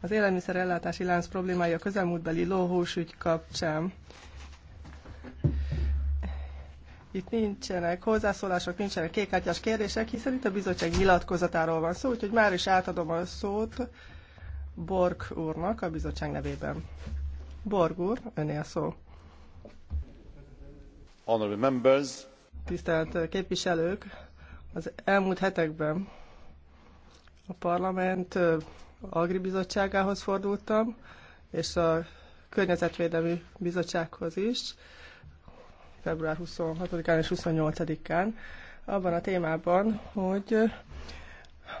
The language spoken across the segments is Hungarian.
az élelmiszerellátási lánc problémája közelmúltbeli lóhúsügy kapcsán. Itt nincsenek hozzászólások, nincsenek kékkártyás kérdések, hiszen itt a bizottság nyilatkozatáról van szó, úgyhogy már is átadom a szót Borg úrnak a bizottság nevében. Borg úr, öné a szó. Honorable members. Tisztelt képviselők, az elmúlt hetekben a parlament Agribizottságához fordultam, és a Környezetvédelmi Bizottsághoz is, február 26-án és 28-án, abban a témában, hogy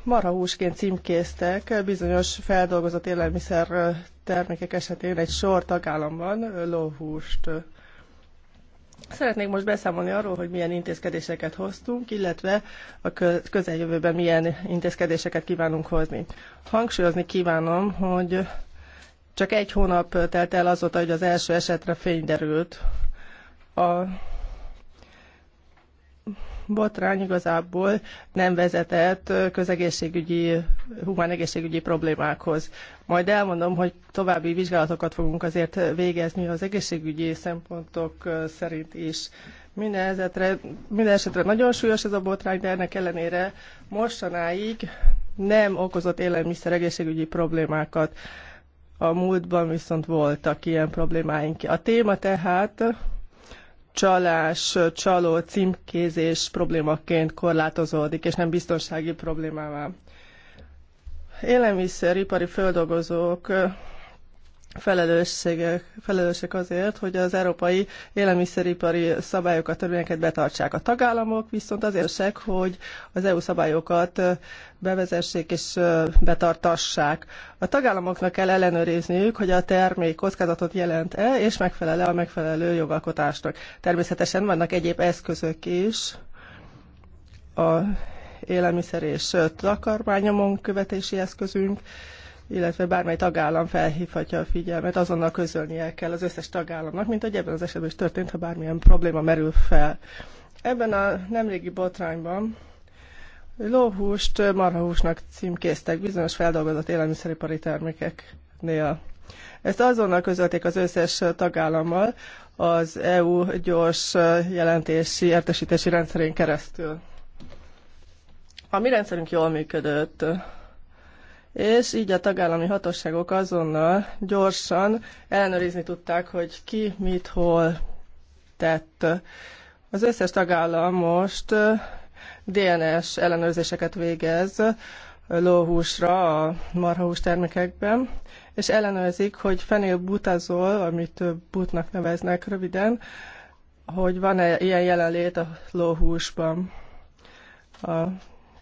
marhahúsként címkéztek bizonyos feldolgozott élelmiszer termékek esetén egy sor tagállamban lóhúst. Szeretnék most beszámolni arról, hogy milyen intézkedéseket hoztunk, illetve a közeljövőben milyen intézkedéseket kívánunk hozni. Hangsúlyozni kívánom, hogy csak egy hónap telt el azóta, hogy az első esetre fény derült. A botrány igazából nem vezetett közegészségügyi, humán egészségügyi problémákhoz. Majd elmondom, hogy további vizsgálatokat fogunk azért végezni az egészségügyi szempontok szerint is. Minden esetre, minden esetre nagyon súlyos ez a botrány, de ennek ellenére mostanáig nem okozott élelmiszer egészségügyi problémákat. A múltban viszont voltak ilyen problémáink. A téma tehát csalás, csaló, címkézés problémaként korlátozódik, és nem biztonsági problémává. Élelmiszeripari földolgozók felelősségek, felelősek azért, hogy az európai élelmiszeripari szabályokat, törvényeket betartsák a tagállamok, viszont azért hogy az EU szabályokat bevezessék és betartassák. A tagállamoknak kell ellenőrizniük, hogy a termék kockázatot jelent-e, és megfelele a megfelelő jogalkotásnak. Természetesen vannak egyéb eszközök is, a élelmiszer és takarmányomon követési eszközünk, illetve bármely tagállam felhívhatja a figyelmet, azonnal közölnie kell az összes tagállamnak, mint ahogy ebben az esetben is történt, ha bármilyen probléma merül fel. Ebben a nemrégi botrányban lóhúst marhahúsnak címkéztek bizonyos feldolgozott élelmiszeripari termékeknél. Ezt azonnal közölték az összes tagállammal az EU gyors jelentési, értesítési rendszerén keresztül. A mi rendszerünk jól működött, és így a tagállami hatóságok azonnal gyorsan ellenőrizni tudták, hogy ki mit hol tett. Az összes tagállam most DNS ellenőrzéseket végez lóhúsra, a marhahús termékekben, és ellenőrzik, hogy fenélbutazol, amit butnak neveznek röviden, hogy van-e ilyen jelenlét a lóhúsban. A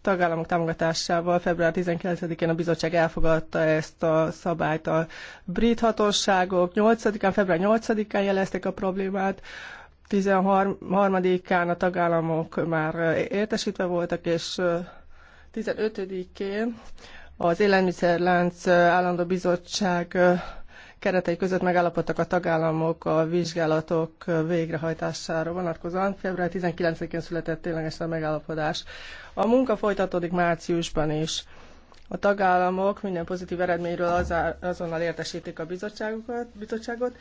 tagállamok támogatásával február 19-én a bizottság elfogadta ezt a szabályt. A brit hatóságok 8-án, február 8-án jelezték a problémát, 13-án a tagállamok már értesítve voltak, és 15-én az Élelmiszerlánc Állandó Bizottság keretei között megállapodtak a tagállamok a vizsgálatok végrehajtására vonatkozóan. Február 19-én született ténylegesen a megállapodás. A munka folytatódik márciusban is. A tagállamok minden pozitív eredményről azonnal értesítik a bizottságot,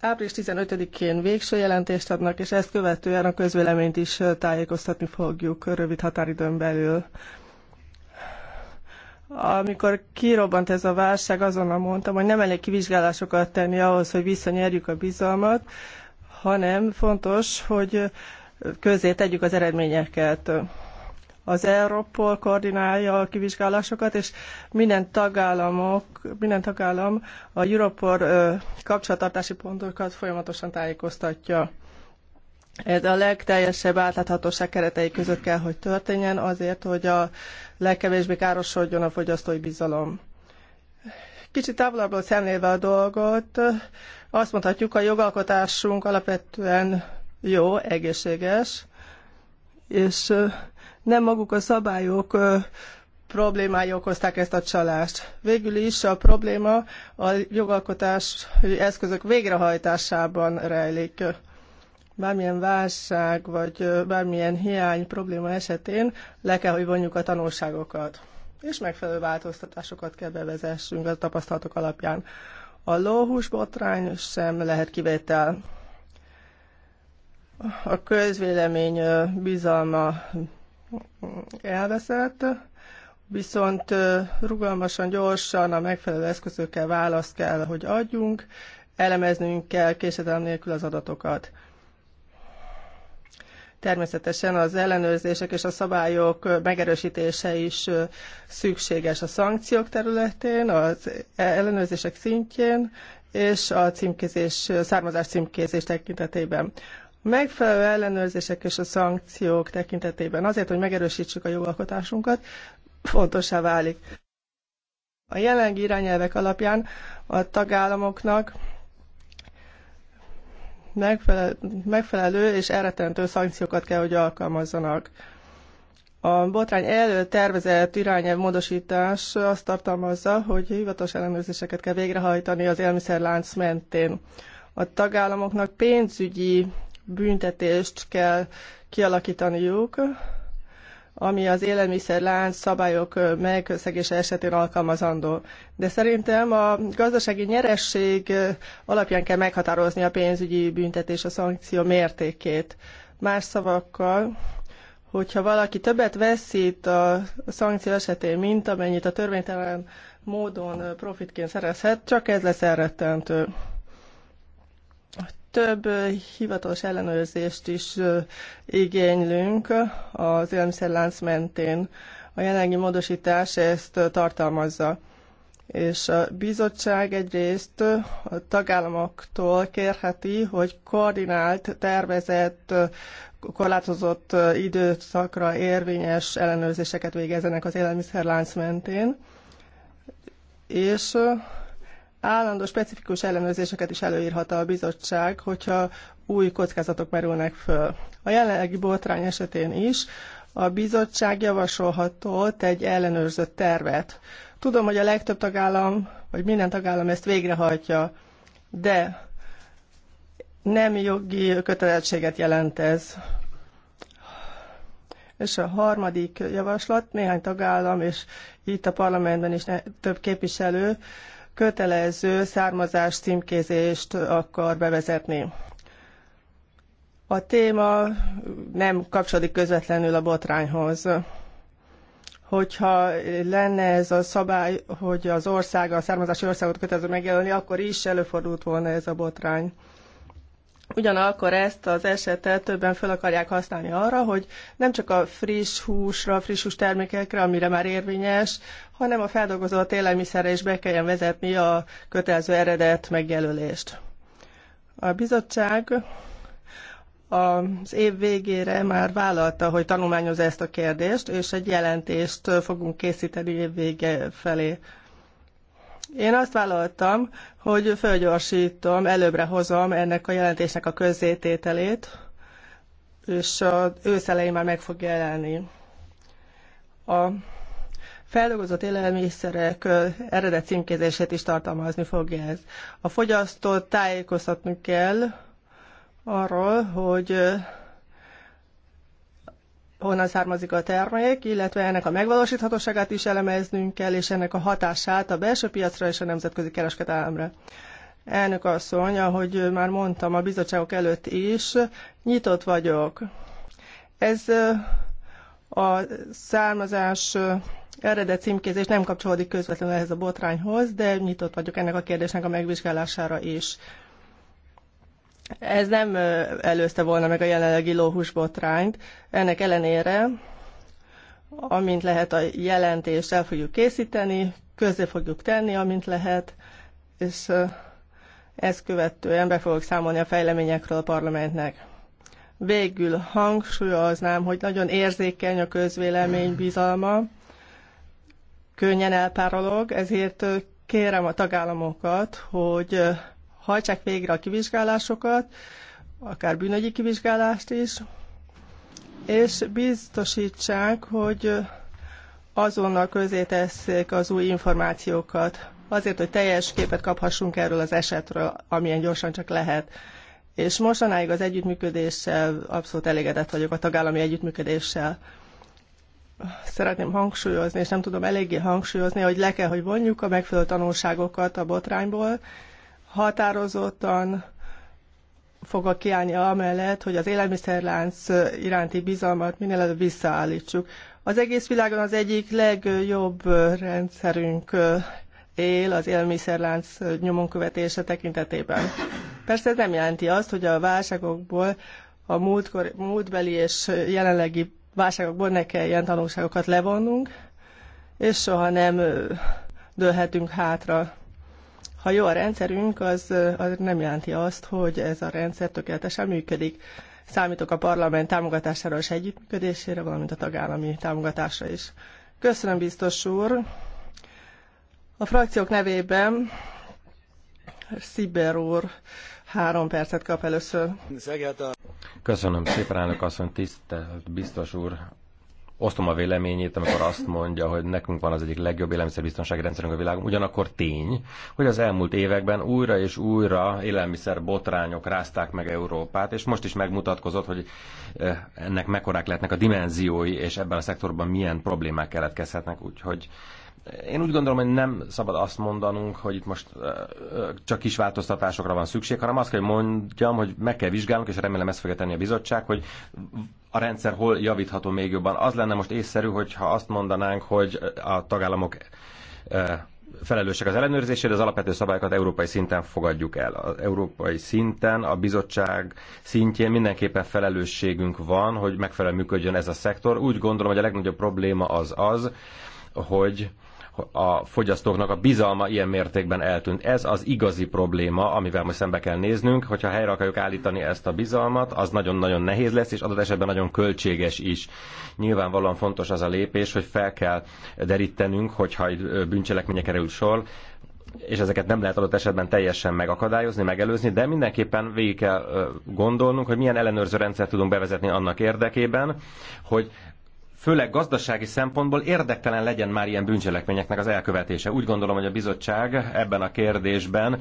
április 15-én végső jelentést adnak, és ezt követően a közvéleményt is tájékoztatni fogjuk rövid határidőn belül. Amikor kirobbant ez a válság, azonnal mondtam, hogy nem elég kivizsgálásokat tenni ahhoz, hogy visszanyerjük a bizalmat, hanem fontos, hogy közé tegyük az eredményeket. Az Europol koordinálja a kivizsgálásokat, és minden, tagállamok, minden tagállam a Europol kapcsolattartási pontokat folyamatosan tájékoztatja. Ez a legteljesebb átláthatóság keretei között kell, hogy történjen, azért, hogy a legkevésbé károsodjon a fogyasztói bizalom. Kicsit távolabbról szemlélve a dolgot, azt mondhatjuk, a jogalkotásunk alapvetően jó, egészséges, és nem maguk a szabályok problémái okozták ezt a csalást. Végül is a probléma a jogalkotás eszközök végrehajtásában rejlik bármilyen válság vagy bármilyen hiány probléma esetén le kell, hogy vonjuk a tanulságokat, és megfelelő változtatásokat kell bevezessünk a tapasztalatok alapján. A lóhús botrány sem lehet kivétel. A közvélemény bizalma elveszett, viszont rugalmasan, gyorsan, a megfelelő eszközökkel választ kell, hogy adjunk, elemeznünk kell késedelem nélkül az adatokat. Természetesen az ellenőrzések és a szabályok megerősítése is szükséges a szankciók területén, az ellenőrzések szintjén és a címkézés, származás címkézés tekintetében. Megfelelő ellenőrzések és a szankciók tekintetében azért, hogy megerősítsük a jogalkotásunkat, fontosá válik. A jelenlegi irányelvek alapján a tagállamoknak megfelelő és elretentő szankciókat kell, hogy alkalmazzanak. A botrány előtt tervezett irányelv módosítás azt tartalmazza, hogy hivatalos ellenőrzéseket kell végrehajtani az élmiszerlánc mentén. A tagállamoknak pénzügyi büntetést kell kialakítaniuk, ami az élelmiszerlánc szabályok megszegése esetén alkalmazandó. De szerintem a gazdasági nyeresség alapján kell meghatározni a pénzügyi büntetés a szankció mértékét. Más szavakkal, hogyha valaki többet veszít a szankció esetén, mint amennyit a törvénytelen módon profitként szerezhet, csak ez lesz elrettentő több hivatalos ellenőrzést is igénylünk az élelmiszerlánc mentén. A jelenlegi módosítás ezt tartalmazza. És a bizottság egyrészt a tagállamoktól kérheti, hogy koordinált, tervezett, korlátozott időszakra érvényes ellenőrzéseket végezzenek az élelmiszerlánc mentén, és állandó specifikus ellenőrzéseket is előírhat a bizottság, hogyha új kockázatok merülnek föl. A jelenlegi botrány esetén is a bizottság javasolhatott egy ellenőrzött tervet. Tudom, hogy a legtöbb tagállam, vagy minden tagállam ezt végrehajtja, de nem jogi kötelezettséget jelent ez. És a harmadik javaslat, néhány tagállam, és itt a parlamentben is több képviselő kötelező származás címkézést akar bevezetni. A téma nem kapcsolódik közvetlenül a botrányhoz. Hogyha lenne ez a szabály, hogy az ország, a származási országot kötelező megjelölni, akkor is előfordult volna ez a botrány. Ugyanakkor ezt az esetet többen fel akarják használni arra, hogy nem csak a friss húsra, friss hús termékekre, amire már érvényes, hanem a feldolgozott élelmiszerre is be kelljen vezetni a kötelező eredet megjelölést. A bizottság az év végére már vállalta, hogy tanulmányozza ezt a kérdést, és egy jelentést fogunk készíteni év vége felé én azt vállaltam, hogy fölgyorsítom, előbbre hozom ennek a jelentésnek a közzétételét, és az ősz elején már meg fog jelenni. A feldolgozott élelmiszerek eredet címkézését is tartalmazni fogja ez. A fogyasztót tájékoztatni kell arról, hogy honnan származik a termék, illetve ennek a megvalósíthatóságát is elemeznünk kell, és ennek a hatását a belső piacra és a nemzetközi kereskedelemre. Elnök asszony, ahogy már mondtam a bizottságok előtt is, nyitott vagyok. Ez a származás eredet címkézés nem kapcsolódik közvetlenül ehhez a botrányhoz, de nyitott vagyok ennek a kérdésnek a megvizsgálására is. Ez nem előzte volna meg a jelenlegi lóhús botrányt. Ennek ellenére, amint lehet a jelentést el fogjuk készíteni, közé fogjuk tenni, amint lehet, és ezt követően be fogok számolni a fejleményekről a parlamentnek. Végül hangsúlyoznám, hogy nagyon érzékeny a közvélemény bizalma, könnyen elpárolog, ezért kérem a tagállamokat, hogy hajtsák végre a kivizsgálásokat, akár bűnögi kivizsgálást is, és biztosítsák, hogy azonnal közé tesszék az új információkat, azért, hogy teljes képet kaphassunk erről az esetről, amilyen gyorsan csak lehet. És mostanáig az együttműködéssel abszolút elégedett vagyok, a tagállami együttműködéssel. Szeretném hangsúlyozni, és nem tudom eléggé hangsúlyozni, hogy le kell, hogy vonjuk a megfelelő tanulságokat a botrányból, határozottan fogok kiállni amellett, hogy az élelmiszerlánc iránti bizalmat minél előbb visszaállítsuk. Az egész világon az egyik legjobb rendszerünk él az élelmiszerlánc nyomon követése tekintetében. Persze ez nem jelenti azt, hogy a válságokból, a múltkor, múltbeli és jelenlegi válságokból ne ilyen tanulságokat levonnunk, és soha nem dőlhetünk hátra ha jó a rendszerünk, az, az nem jelenti azt, hogy ez a rendszer tökéletesen működik. Számítok a parlament támogatására és együttműködésére, valamint a tagállami támogatásra is. Köszönöm, biztos úr! A frakciók nevében Sziber úr három percet kap először. Köszönöm szépen, elnök asszony, tisztelt biztos úr! osztom a véleményét, amikor azt mondja, hogy nekünk van az egyik legjobb élelmiszerbiztonsági rendszerünk a világon. Ugyanakkor tény, hogy az elmúlt években újra és újra élelmiszer botrányok rázták meg Európát, és most is megmutatkozott, hogy eh, ennek mekorák lehetnek a dimenziói, és ebben a szektorban milyen problémák keletkezhetnek. Úgyhogy eh, én úgy gondolom, hogy nem szabad azt mondanunk, hogy itt most eh, csak kis változtatásokra van szükség, hanem azt kell, hogy mondjam, hogy meg kell vizsgálnunk, és remélem ezt fogja tenni a bizottság, hogy a rendszer hol javítható még jobban. Az lenne most észszerű, hogyha azt mondanánk, hogy a tagállamok eh, felelősek az ellenőrzésére, az alapvető szabályokat európai szinten fogadjuk el. Az európai szinten, a bizottság szintjén mindenképpen felelősségünk van, hogy megfelelően működjön ez a szektor. Úgy gondolom, hogy a legnagyobb probléma az az, hogy a fogyasztóknak a bizalma ilyen mértékben eltűnt. Ez az igazi probléma, amivel most szembe kell néznünk, hogyha helyre akarjuk állítani ezt a bizalmat, az nagyon-nagyon nehéz lesz, és adott esetben nagyon költséges is. Nyilvánvalóan fontos az a lépés, hogy fel kell derítenünk, hogyha bűncselekménye kerül sor, és ezeket nem lehet adott esetben teljesen megakadályozni, megelőzni, de mindenképpen végig kell gondolnunk, hogy milyen ellenőrző rendszert tudunk bevezetni annak érdekében, hogy főleg gazdasági szempontból érdektelen legyen már ilyen bűncselekményeknek az elkövetése. Úgy gondolom, hogy a bizottság ebben a kérdésben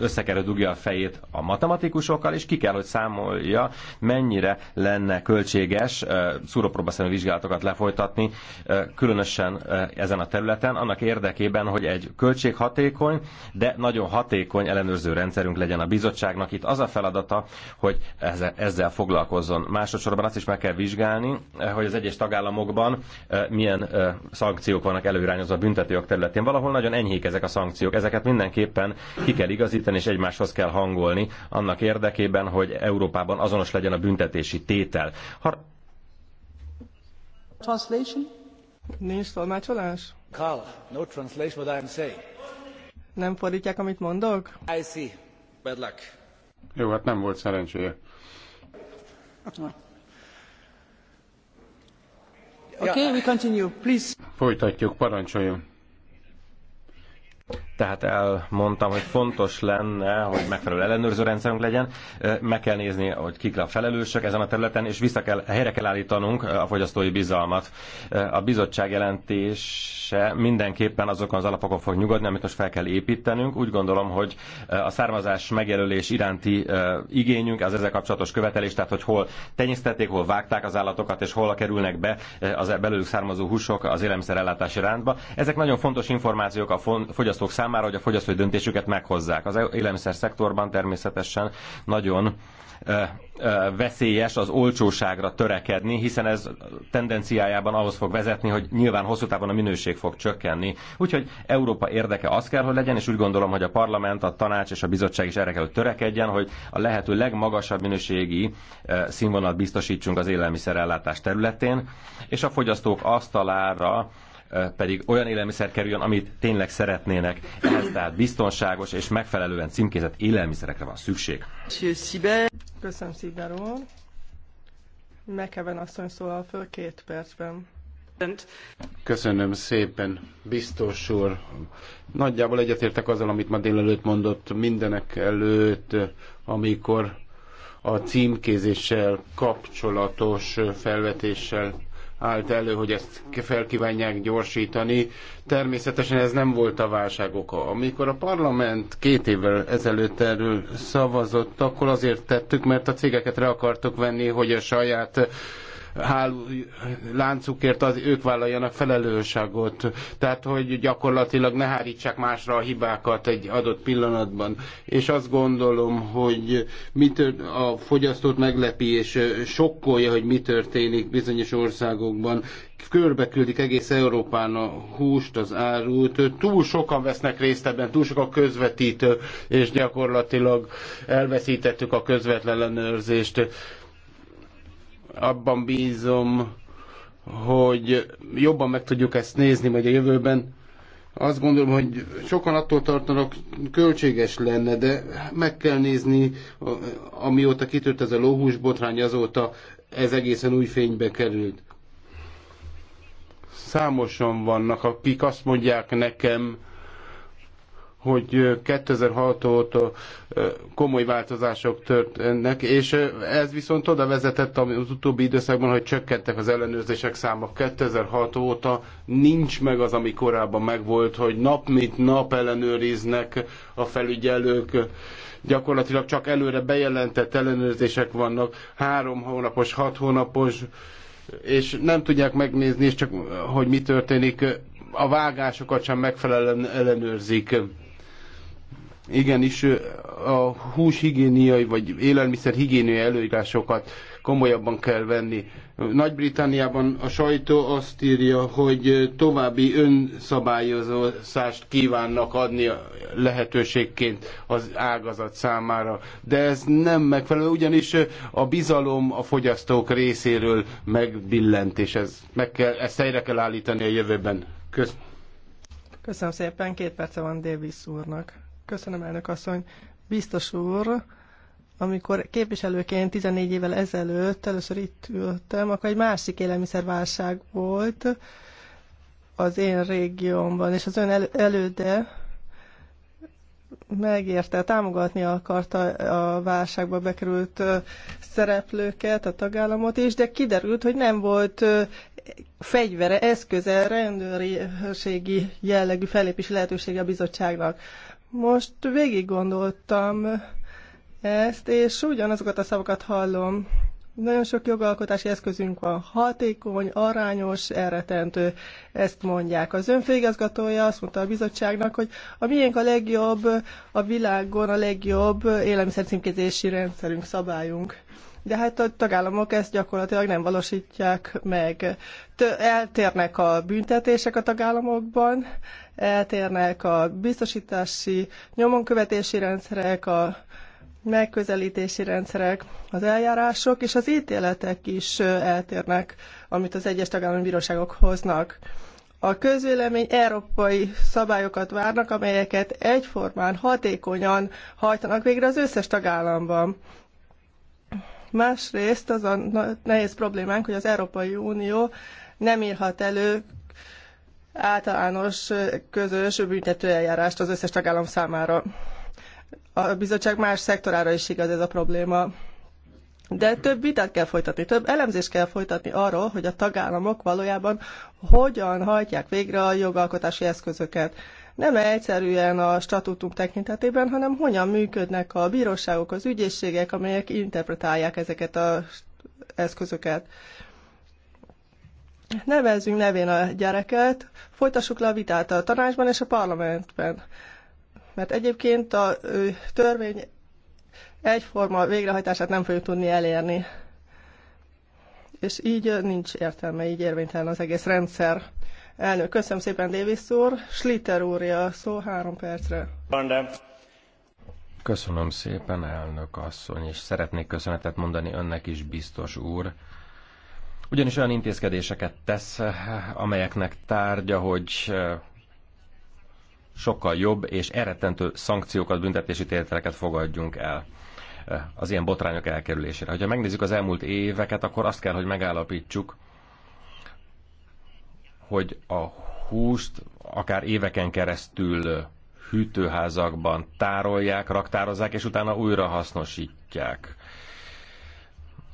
össze kell, hogy dugja a fejét a matematikusokkal, és ki kell, hogy számolja, mennyire lenne költséges szúrópróbaszerű vizsgálatokat lefolytatni, különösen ezen a területen, annak érdekében, hogy egy költséghatékony, de nagyon hatékony ellenőrző rendszerünk legyen a bizottságnak. Itt az a feladata, hogy ezzel foglalkozzon. Másodszorban azt is meg kell vizsgálni, hogy az egyes tagállamokban milyen szankciók vannak előirányozva a büntetőjog területén. Valahol nagyon enyhék ezek a szankciók, ezeket mindenképpen ki kell igazítani erősíteni és egymáshoz kell hangolni annak érdekében, hogy Európában azonos legyen a büntetési tétel. Har- Translation? Nincs tolmácsolás? Carl, no translation what I'm saying. Nem fordítják, amit mondok? I see. Bad luck. Jó, hát nem volt szerencséje. Okay, we continue, please. Folytatjuk, parancsoljon tehát elmondtam, hogy fontos lenne, hogy megfelelő ellenőrző rendszerünk legyen, meg kell nézni, hogy kik a felelősök ezen a területen, és vissza kell, helyre kell állítanunk a fogyasztói bizalmat. A bizottság jelentése mindenképpen azokon az alapokon fog nyugodni, amit most fel kell építenünk. Úgy gondolom, hogy a származás megjelölés iránti igényünk, az ezzel kapcsolatos követelés, tehát hogy hol tenyésztették, hol vágták az állatokat, és hol kerülnek be az belőlük származó húsok az élelmiszerellátási rendbe. Ezek nagyon fontos információk a fogyasztók számára számára, hogy a fogyasztói döntésüket meghozzák. Az élelmiszer szektorban természetesen nagyon veszélyes az olcsóságra törekedni, hiszen ez tendenciájában ahhoz fog vezetni, hogy nyilván hosszú távon a minőség fog csökkenni. Úgyhogy Európa érdeke az kell, hogy legyen, és úgy gondolom, hogy a parlament, a tanács és a bizottság is erre kell, hogy törekedjen, hogy a lehető legmagasabb minőségi színvonalat biztosítsunk az élelmiszerellátás területén, és a fogyasztók asztalára pedig olyan élelmiszer kerüljön, amit tényleg szeretnének. Ez tehát biztonságos és megfelelően címkézett élelmiszerekre van szükség. Köszönöm szépen, úr. Mekeven asszony szólal föl két percben. Köszönöm szépen, biztos úr. Nagyjából egyetértek azzal, amit ma délelőtt mondott mindenek előtt, amikor a címkézéssel kapcsolatos felvetéssel állt elő, hogy ezt felkívánják gyorsítani. Természetesen ez nem volt a válság oka. Amikor a parlament két évvel ezelőtt erről szavazott, akkor azért tettük, mert a cégeket le akartuk venni, hogy a saját háló, láncukért az, ők vállaljanak felelősságot. Tehát, hogy gyakorlatilag ne hárítsák másra a hibákat egy adott pillanatban. És azt gondolom, hogy mit a fogyasztót meglepi és sokkolja, hogy mi történik bizonyos országokban. Körbe küldik egész Európán a húst, az árut. Túl sokan vesznek részt ebben, túl sok a közvetítő, és gyakorlatilag elveszítettük a közvetlen ellenőrzést abban bízom, hogy jobban meg tudjuk ezt nézni majd a jövőben. Azt gondolom, hogy sokan attól tartanak, költséges lenne, de meg kell nézni, amióta kitört ez a lóhús botrány, azóta ez egészen új fénybe került. Számosan vannak, akik azt mondják nekem, hogy 2006 óta komoly változások történnek, és ez viszont oda vezetett az utóbbi időszakban, hogy csökkentek az ellenőrzések száma. 2006 óta nincs meg az, ami korábban megvolt, hogy nap mint nap ellenőriznek a felügyelők, gyakorlatilag csak előre bejelentett ellenőrzések vannak, három hónapos, hat hónapos, és nem tudják megnézni, és csak hogy mi történik, a vágásokat sem megfelelően ellenőrzik igenis a higiéniai vagy élelmiszer higiéniai előírásokat komolyabban kell venni. Nagy-Britanniában a sajtó azt írja, hogy további önszabályozást kívánnak adni lehetőségként az ágazat számára. De ez nem megfelelő, ugyanis a bizalom a fogyasztók részéről megbillent, és ez meg kell, ezt helyre kell állítani a jövőben. Köszönöm. Köszönöm szépen, két perce van Davis úrnak. Köszönöm, elnök asszony. Biztos úr, amikor képviselőként 14 évvel ezelőtt először itt ültem, akkor egy másik élelmiszerválság volt az én régiómban, és az ön el- előde megérte, támogatni akarta a válságba bekerült szereplőket, a tagállamot is, de kiderült, hogy nem volt fegyvere, eszköze, rendőrségi jellegű felépési lehetősége a bizottságnak. Most végig gondoltam ezt, és ugyanazokat a szavakat hallom. Nagyon sok jogalkotási eszközünk van. Hatékony, arányos, elretentő. Ezt mondják. Az önfőigazgatója azt mondta a bizottságnak, hogy a miénk a legjobb, a világon a legjobb élelmiszer rendszerünk, szabályunk de hát a tagállamok ezt gyakorlatilag nem valósítják meg. Eltérnek a büntetések a tagállamokban, eltérnek a biztosítási, nyomonkövetési rendszerek, a megközelítési rendszerek, az eljárások és az ítéletek is eltérnek, amit az egyes tagállami bíróságok hoznak. A közvélemény európai szabályokat várnak, amelyeket egyformán, hatékonyan hajtanak végre az összes tagállamban. Másrészt az a nehéz problémánk, hogy az Európai Unió nem írhat elő általános közös büntetőeljárást az összes tagállam számára. A bizottság más szektorára is igaz ez a probléma. De több vitát kell folytatni, több elemzést kell folytatni arról, hogy a tagállamok valójában hogyan hajtják végre a jogalkotási eszközöket nem egyszerűen a statutum tekintetében, hanem hogyan működnek a bíróságok, az ügyészségek, amelyek interpretálják ezeket az eszközöket. Nevezzünk nevén a gyereket, folytassuk le a vitát a tanácsban és a parlamentben. Mert egyébként a törvény egyforma végrehajtását nem fogjuk tudni elérni. És így nincs értelme, így érvénytelen az egész rendszer. Elnök, köszönöm szépen, Davis úr. Schlitter úrja szó három percre. Köszönöm szépen, elnök asszony, és szeretnék köszönetet mondani önnek is, biztos úr. Ugyanis olyan intézkedéseket tesz, amelyeknek tárgya, hogy sokkal jobb és eretentő szankciókat, büntetési tételeket fogadjunk el az ilyen botrányok elkerülésére. Ha megnézzük az elmúlt éveket, akkor azt kell, hogy megállapítsuk, hogy a húst akár éveken keresztül hűtőházakban tárolják, raktározzák, és utána újra hasznosítják.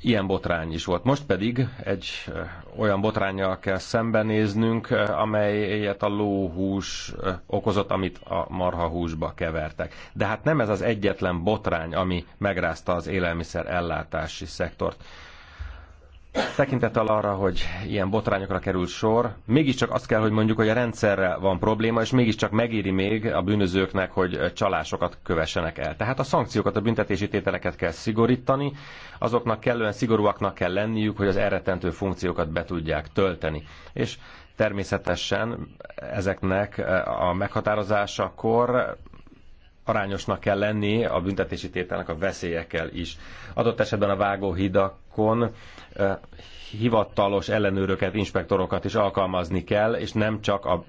Ilyen botrány is volt. Most pedig egy olyan botrányjal kell szembenéznünk, amelyet a lóhús okozott, amit a marhahúsba kevertek. De hát nem ez az egyetlen botrány, ami megrázta az élelmiszer ellátási szektort tekintettel arra, hogy ilyen botrányokra kerül sor, mégiscsak azt kell, hogy mondjuk, hogy a rendszerrel van probléma, és mégiscsak megéri még a bűnözőknek, hogy csalásokat kövessenek el. Tehát a szankciókat, a büntetési tételeket kell szigorítani, azoknak kellően szigorúaknak kell lenniük, hogy az elrettentő funkciókat be tudják tölteni. És természetesen ezeknek a meghatározásakor arányosnak kell lenni a büntetési tételnek a veszélyekkel is. Adott esetben a vágóhidakon hivatalos ellenőröket, inspektorokat is alkalmazni kell, és nem csak a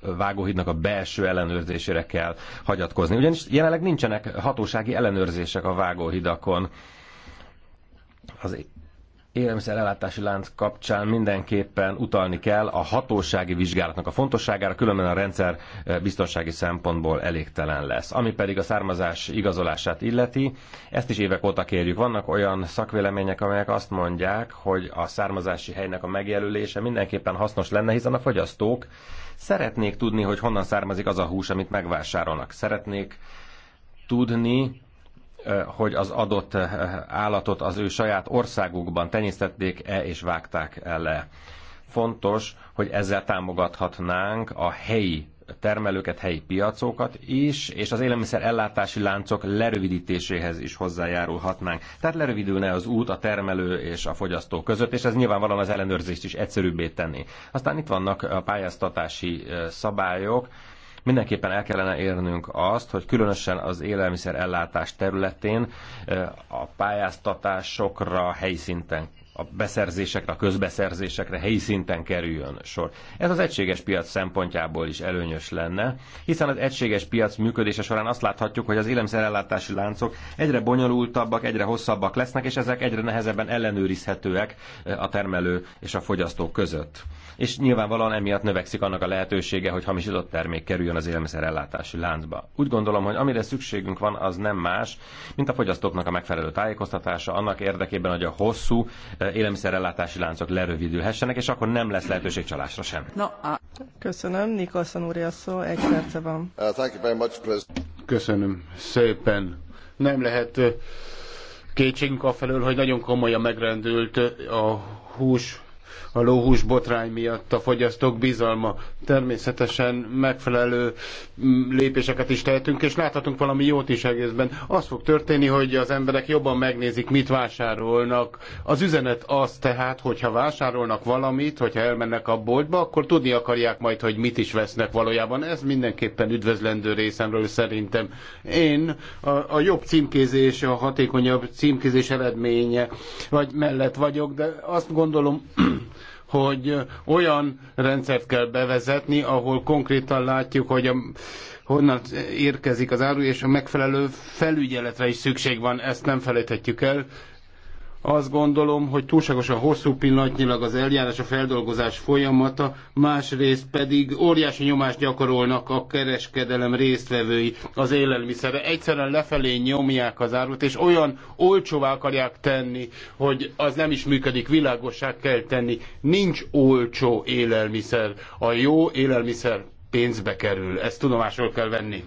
vágóhídnak a belső ellenőrzésére kell hagyatkozni. Ugyanis jelenleg nincsenek hatósági ellenőrzések a vágóhidakon. Az élelmiszerellátási lánc kapcsán mindenképpen utalni kell a hatósági vizsgálatnak a fontosságára, különben a rendszer eh, biztonsági szempontból elégtelen lesz. Ami pedig a származás igazolását illeti, ezt is évek óta kérjük. Vannak olyan szakvélemények, amelyek azt mondják, hogy a származási helynek a megjelölése mindenképpen hasznos lenne, hiszen a fogyasztók szeretnék tudni, hogy honnan származik az a hús, amit megvásárolnak. Szeretnék tudni, hogy az adott állatot az ő saját országukban tenyésztették-e és vágták -e le. Fontos, hogy ezzel támogathatnánk a helyi termelőket, helyi piacokat is, és az élelmiszer ellátási láncok lerövidítéséhez is hozzájárulhatnánk. Tehát lerövidülne az út a termelő és a fogyasztó között, és ez nyilvánvalóan az ellenőrzést is egyszerűbbé tenni. Aztán itt vannak a pályáztatási szabályok, Mindenképpen el kellene érnünk azt, hogy különösen az élelmiszer ellátás területén a pályáztatásokra helyszinten a beszerzésekre, a közbeszerzésekre helyi szinten kerüljön sor. Ez az egységes piac szempontjából is előnyös lenne, hiszen az egységes piac működése során azt láthatjuk, hogy az élelmiszerellátási láncok egyre bonyolultabbak, egyre hosszabbak lesznek, és ezek egyre nehezebben ellenőrizhetőek a termelő és a fogyasztó között és nyilvánvalóan emiatt növekszik annak a lehetősége, hogy hamisított termék kerüljön az élelmiszerellátási láncba. Úgy gondolom, hogy amire szükségünk van, az nem más, mint a fogyasztóknak a megfelelő tájékoztatása, annak érdekében, hogy a hosszú eh, élelmiszerellátási láncok lerövidülhessenek, és akkor nem lesz lehetőség csalásra sem. No, a... Köszönöm, Nikolson úr, a szó, egy perce van. Uh, thank you very much, Köszönöm szépen. Nem lehet eh, kétségünk afelől, hogy nagyon komolyan megrendült eh, a hús a lóhús botrány miatt a fogyasztók bizalma. Természetesen megfelelő mm, lépéseket is tehetünk, és láthatunk valami jót is egészben. Az fog történni, hogy az emberek jobban megnézik, mit vásárolnak. Az üzenet az tehát, hogyha vásárolnak valamit, hogyha elmennek a boltba, akkor tudni akarják majd, hogy mit is vesznek valójában. Ez mindenképpen üdvözlendő részemről szerintem. Én a, a jobb címkézés, a hatékonyabb címkézés eredménye vagy mellett vagyok, de azt gondolom, hogy olyan rendszert kell bevezetni, ahol konkrétan látjuk, hogy a, honnan érkezik az áru, és a megfelelő felügyeletre is szükség van, ezt nem felejthetjük el, azt gondolom, hogy túlságosan hosszú pillanatnyilag az eljárás, a feldolgozás folyamata, másrészt pedig óriási nyomást gyakorolnak a kereskedelem résztvevői az élelmiszerre. Egyszerűen lefelé nyomják az árut, és olyan olcsóvá akarják tenni, hogy az nem is működik, világosság kell tenni. Nincs olcsó élelmiszer. A jó élelmiszer pénzbe kerül. Ezt tudomásul kell venni.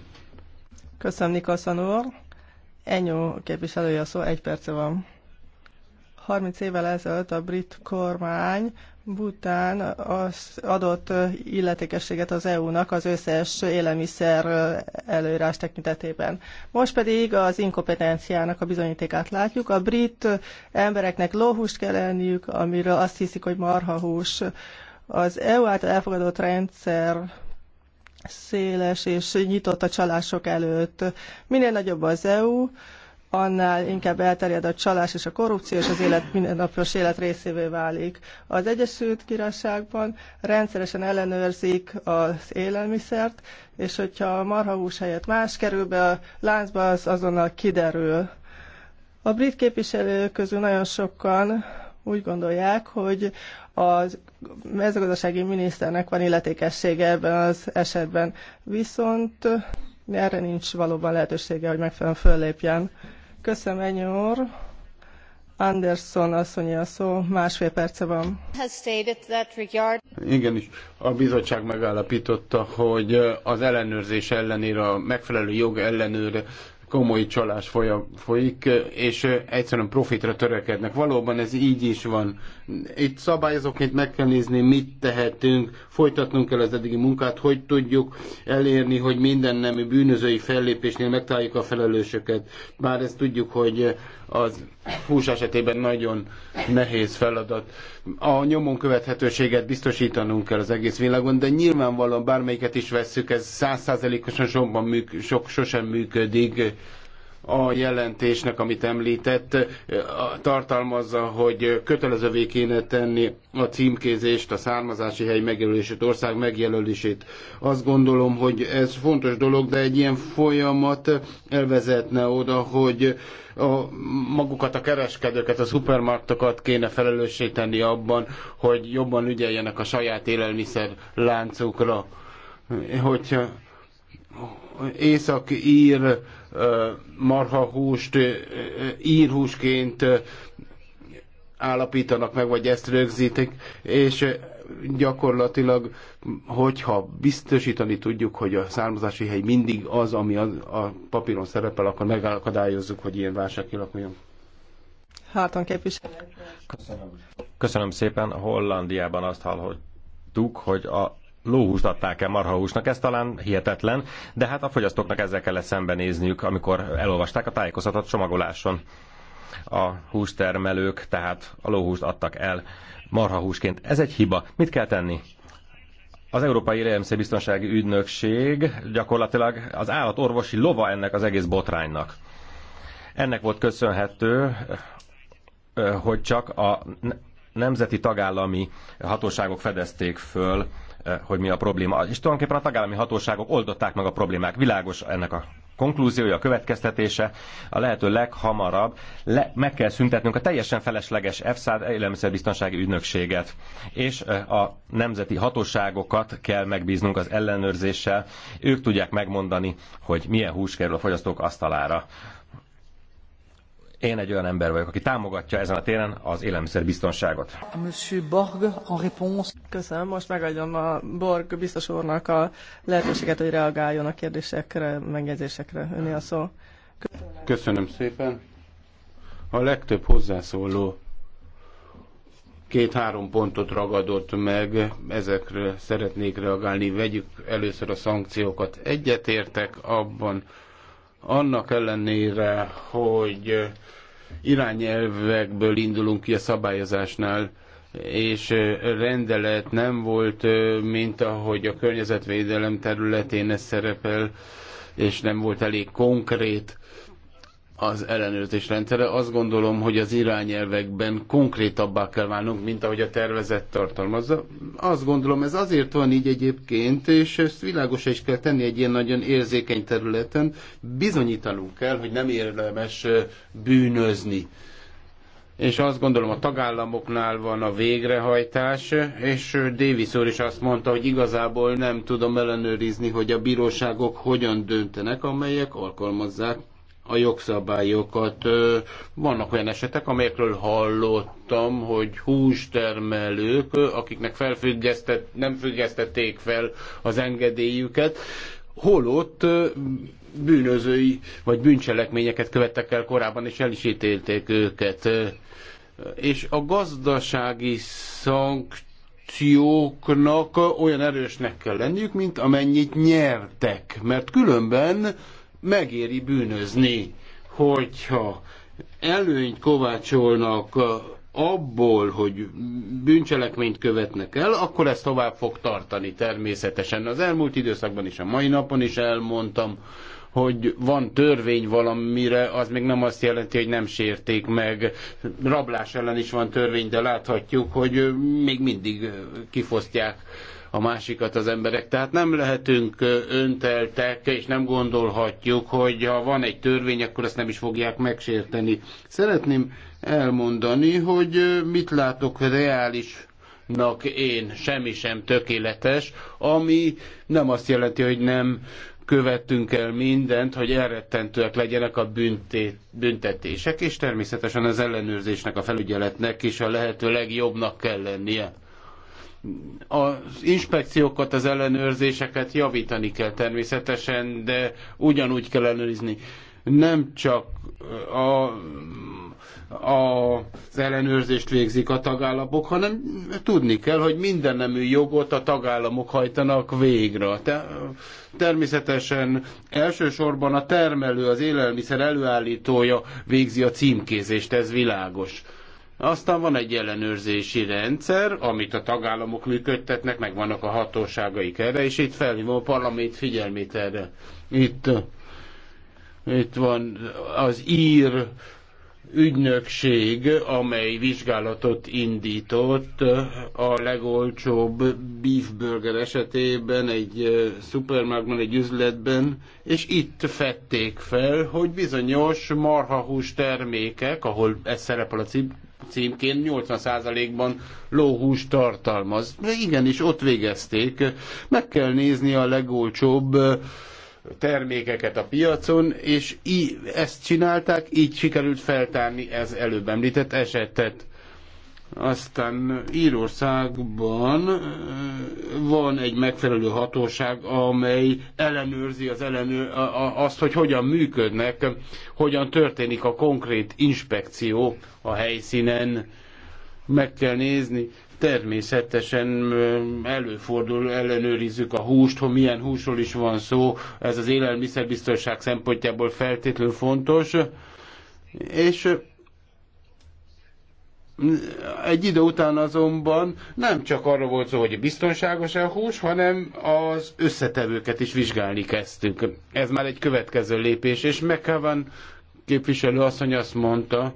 Köszönöm, Nikolson úr. Enyó képviselője a szó, egy perce van. 30 évvel ezelőtt a brit kormány Bután az adott illetékességet az EU-nak az összes élelmiszer előírás tekintetében. Most pedig az inkompetenciának a bizonyítékát látjuk. A brit embereknek lóhúst kell enniük, amiről azt hiszik, hogy marhahús. Az EU által elfogadott rendszer széles és nyitott a csalások előtt. Minél nagyobb az EU, annál inkább elterjed a csalás és a korrupció, és az élet mindennapos élet részévé válik. Az Egyesült Királyságban rendszeresen ellenőrzik az élelmiszert, és hogyha a marhahús helyett más kerül be a láncba, az azonnal kiderül. A brit képviselők közül nagyon sokan úgy gondolják, hogy a mezőgazdasági miniszternek van illetékessége ebben az esetben. Viszont erre nincs valóban lehetősége, hogy megfelelően föllépjen. Köszönöm, ennyi úr. Anderson asszonyi a szó, másfél perce van. Igen, is a bizottság megállapította, hogy az ellenőrzés ellenére, a megfelelő jog ellenőre komoly csalás folyam, folyik, és egyszerűen profitra törekednek. Valóban ez így is van. Itt szabályozóként meg kell nézni, mit tehetünk, folytatnunk kell az eddigi munkát, hogy tudjuk elérni, hogy minden nemű bűnözői fellépésnél megtaláljuk a felelősöket. Bár ezt tudjuk, hogy az hús esetében nagyon nehéz feladat. A nyomon követhetőséget biztosítanunk kell az egész világon, de nyilvánvalóan bármelyiket is vesszük, ez százszázalékosan sokban műk, sok, sosem működik a jelentésnek, amit említett, tartalmazza, hogy kötelezővé kéne tenni a címkézést, a származási hely megjelölését, ország megjelölését. Azt gondolom, hogy ez fontos dolog, de egy ilyen folyamat elvezetne oda, hogy a, magukat a kereskedőket, a szupermarktokat kéne felelőssé tenni abban, hogy jobban ügyeljenek a saját élelmiszer láncukra. Hogyha észak-ír marhahúst írhúsként állapítanak meg, vagy ezt rögzítik, és gyakorlatilag, hogyha biztosítani tudjuk, hogy a származási hely mindig az, ami a, a papíron szerepel, akkor megakadályozzuk, hogy ilyen válság kilakuljon. Hátan képviselő. Köszönöm. Köszönöm szépen. Hollandiában azt hallottuk, hogy a lóhúst adták el marhahúsnak, ez talán hihetetlen, de hát a fogyasztóknak ezzel kellett szembenézniük, amikor elolvasták a tájékoztatott csomagoláson. A hústermelők tehát a lóhúst adtak el marhahúsként. Ez egy hiba. Mit kell tenni? Az Európai Élelmiszerbiztonsági Ügynökség gyakorlatilag az állatorvosi lova ennek az egész botránynak. Ennek volt köszönhető, hogy csak a nemzeti tagállami hatóságok fedezték föl Eh, hogy mi a probléma. És tulajdonképpen a tagállami hatóságok oldották meg a problémák. Világos ennek a konklúziója, a következtetése, a lehető leghamarabb le, meg kell szüntetnünk a teljesen felesleges EFSA-d, élelmiszerbiztonsági ügynökséget, és eh, a nemzeti hatóságokat kell megbíznunk az ellenőrzéssel. Ők tudják megmondani, hogy milyen hús kerül a fogyasztók asztalára. Én egy olyan ember vagyok, aki támogatja ezen a téren az élelmiszerbiztonságot. Monsieur Borg, en réponse. Köszönöm, most megadjam a Borg biztos úrnak a lehetőséget, hogy reagáljon a kérdésekre, megjegyzésekre. Öné a szó. Köszönöm. Köszönöm szépen. A legtöbb hozzászóló két-három pontot ragadott meg, ezekre szeretnék reagálni. Vegyük először a szankciókat. Egyetértek abban, annak ellenére, hogy irányelvekből indulunk ki a szabályozásnál, és rendelet nem volt, mint ahogy a környezetvédelem területén ez szerepel, és nem volt elég konkrét az ellenőrzés rendszere. Azt gondolom, hogy az irányelvekben konkrétabbá kell válnunk, mint ahogy a tervezet tartalmazza. Azt gondolom, ez azért van így egyébként, és ezt világos is kell tenni egy ilyen nagyon érzékeny területen. Bizonyítanunk kell, hogy nem érdemes bűnözni. És azt gondolom, a tagállamoknál van a végrehajtás, és Davis úr is azt mondta, hogy igazából nem tudom ellenőrizni, hogy a bíróságok hogyan döntenek, amelyek alkalmazzák a jogszabályokat. Vannak olyan esetek, amelyekről hallottam, hogy hústermelők, akiknek felfüggesztett, nem függesztették fel az engedélyüket, holott bűnözői vagy bűncselekményeket követtek el korábban, és el is ítélték őket. És a gazdasági szankcióknak olyan erősnek kell lenniük, mint amennyit nyertek, mert különben megéri bűnözni, hogyha előnyt kovácsolnak uh, abból, hogy bűncselekményt követnek el, akkor ez tovább fog tartani természetesen. Az elmúlt időszakban is, a mai napon is elmondtam, hogy van törvény valamire, az még nem azt jelenti, hogy nem sérték meg. Rablás ellen is van törvény, de láthatjuk, hogy uh, még mindig uh, kifosztják a másikat az emberek. Tehát nem lehetünk önteltek, és nem gondolhatjuk, hogy ha van egy törvény, akkor ezt nem is fogják megsérteni. Szeretném elmondani, hogy mit látok reális én semmi sem tökéletes, ami nem azt jelenti, hogy nem követtünk el mindent, hogy elrettentőek legyenek a büntetések, és természetesen az ellenőrzésnek, a felügyeletnek is a lehető legjobbnak kell lennie az inspekciókat, az ellenőrzéseket javítani kell természetesen, de ugyanúgy kell ellenőrizni. Nem csak a, a, az ellenőrzést végzik a tagállamok, hanem tudni kell, hogy minden nemű jogot a tagállamok hajtanak végre. Te, természetesen elsősorban a termelő, az élelmiszer előállítója végzi a címkézést, ez világos aztán van egy ellenőrzési rendszer, amit a tagállamok működtetnek, meg vannak a hatóságaik erre, és itt felhívom a parlament figyelmét erre. Itt, itt van az ír ügynökség, amely vizsgálatot indított a legolcsóbb beefburger esetében egy szupermarketben, egy üzletben, és itt fették fel, hogy bizonyos marhahús termékek, ahol ez szerepel a címként 80%-ban lóhús tartalmaz. De igenis, ott végezték. Meg kell nézni a legolcsóbb termékeket a piacon, és í- ezt csinálták, így sikerült feltárni ez előbb említett esetet. Aztán Írországban van egy megfelelő hatóság, amely ellenőrzi az ellenőr, azt, hogy hogyan működnek, hogyan történik a konkrét inspekció a helyszínen. Meg kell nézni. Természetesen előfordul, ellenőrizzük a húst, hogy milyen húsról is van szó. Ez az élelmiszerbiztonság szempontjából feltétlenül fontos. És egy idő után azonban nem csak arra volt szó, hogy biztonságos a hús, hanem az összetevőket is vizsgálni kezdtünk. Ez már egy következő lépés, és McCavan képviselő asszony azt mondta,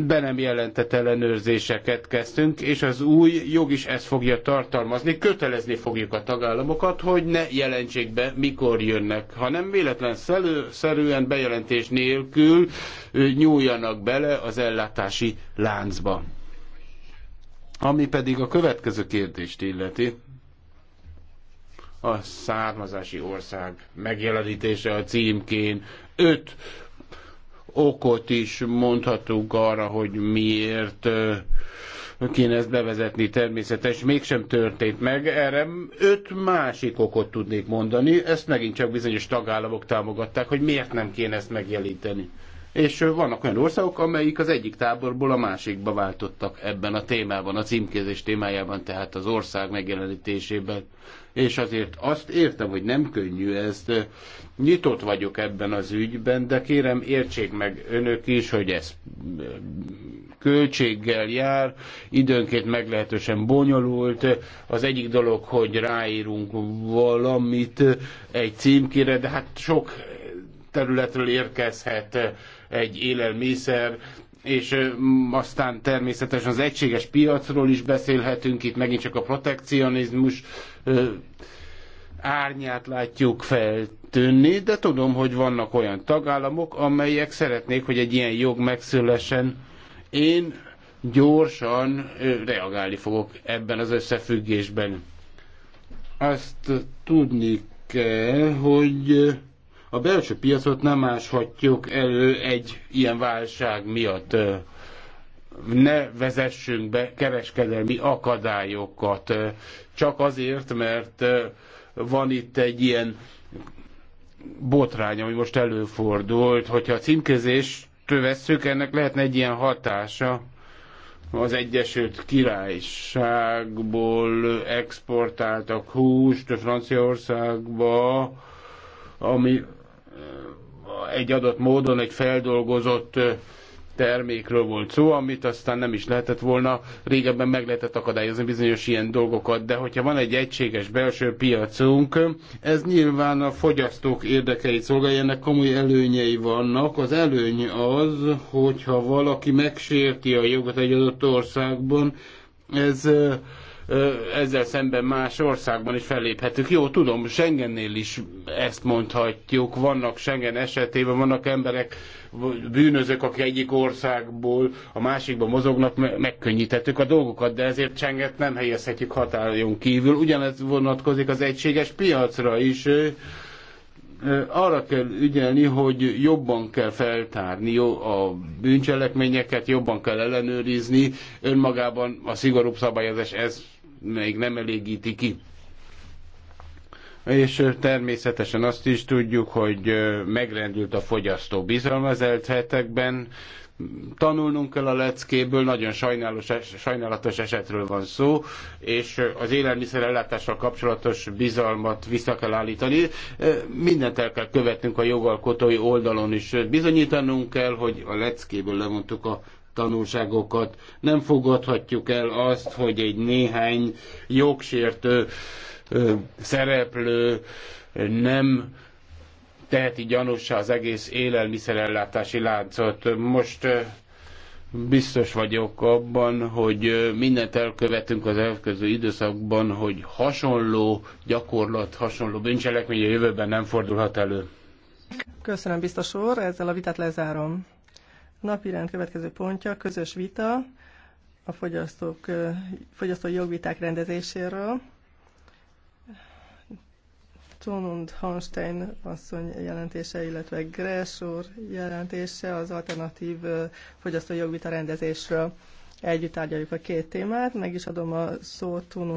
be nem jelentett ellenőrzéseket kezdtünk, és az új jog is ezt fogja tartalmazni. Kötelezni fogjuk a tagállamokat, hogy ne jelentsék be, mikor jönnek, hanem véletlen szerűen bejelentés nélkül nyúljanak bele az ellátási láncba. Ami pedig a következő kérdést illeti, a származási ország megjelenítése a címkén. Öt okot is mondhatunk arra, hogy miért kéne ezt bevezetni természetes, mégsem történt meg. Erre öt másik okot tudnék mondani, ezt megint csak bizonyos tagállamok támogatták, hogy miért nem kéne ezt megjelíteni. És vannak olyan országok, amelyik az egyik táborból a másikba váltottak ebben a témában, a címkézés témájában, tehát az ország megjelenítésében és azért azt értem, hogy nem könnyű ezt. Nyitott vagyok ebben az ügyben, de kérem értsék meg önök is, hogy ez eh, költséggel jár, időnként meglehetősen bonyolult. Az egyik dolog, hogy ráírunk valamit egy címkére, de hát sok területről érkezhet egy élelmiszer, és eh, aztán természetesen az egységes piacról is beszélhetünk, itt megint csak a protekcionizmus árnyát látjuk feltűnni, de tudom, hogy vannak olyan tagállamok, amelyek szeretnék, hogy egy ilyen jog megszülessen. Én gyorsan reagálni fogok ebben az összefüggésben. Azt tudni kell, hogy a belső piacot nem áshatjuk elő egy ilyen válság miatt ne vezessünk be kereskedelmi akadályokat, csak azért, mert van itt egy ilyen botrány, ami most előfordult, hogyha a címkezést vesszük, ennek lehetne egy ilyen hatása, az Egyesült Királyságból exportáltak húst Franciaországba, ami egy adott módon egy feldolgozott termékről volt szó, amit aztán nem is lehetett volna, régebben meg lehetett akadályozni bizonyos ilyen dolgokat, de hogyha van egy egységes belső piacunk, ez nyilván a fogyasztók érdekeit szolgálja, ennek komoly előnyei vannak. Az előny az, hogyha valaki megsérti a jogot egy adott országban, ez ezzel szemben más országban is felléphetünk. Jó, tudom, Schengennél is ezt mondhatjuk. Vannak Schengen esetében, vannak emberek, bűnözők, akik egyik országból a másikba mozognak, megkönnyítettük a dolgokat, de ezért csenget nem helyezhetjük határon kívül. Ugyanez vonatkozik az egységes piacra is arra kell ügyelni, hogy jobban kell feltárni a bűncselekményeket, jobban kell ellenőrizni. Önmagában a szigorúbb szabályozás Ez még nem elégíti ki és természetesen azt is tudjuk, hogy megrendült a fogyasztó bizalma az hetekben, tanulnunk kell a leckéből, nagyon sajnálos, sajnálatos esetről van szó, és az élelmiszerellátással kapcsolatos bizalmat vissza kell állítani. Mindent el kell követnünk a jogalkotói oldalon is. Bizonyítanunk kell, hogy a leckéből levontuk a tanulságokat. Nem fogadhatjuk el azt, hogy egy néhány jogsértő szereplő nem teheti gyanúsá az egész élelmiszerellátási láncot. Most biztos vagyok abban, hogy mindent elkövetünk az elkövetkező időszakban, hogy hasonló gyakorlat, hasonló bűncselekmény a jövőben nem fordulhat elő. Köszönöm, biztos úr, ezzel a vitát lezárom. Napirend következő pontja, közös vita a fogyasztók, fogyasztói jogviták rendezéséről und Hanstein asszony jelentése, illetve Gress úr jelentése az alternatív fogyasztói jogvita rendezésről. Együtt tárgyaljuk a két témát, meg is adom a szót Thunund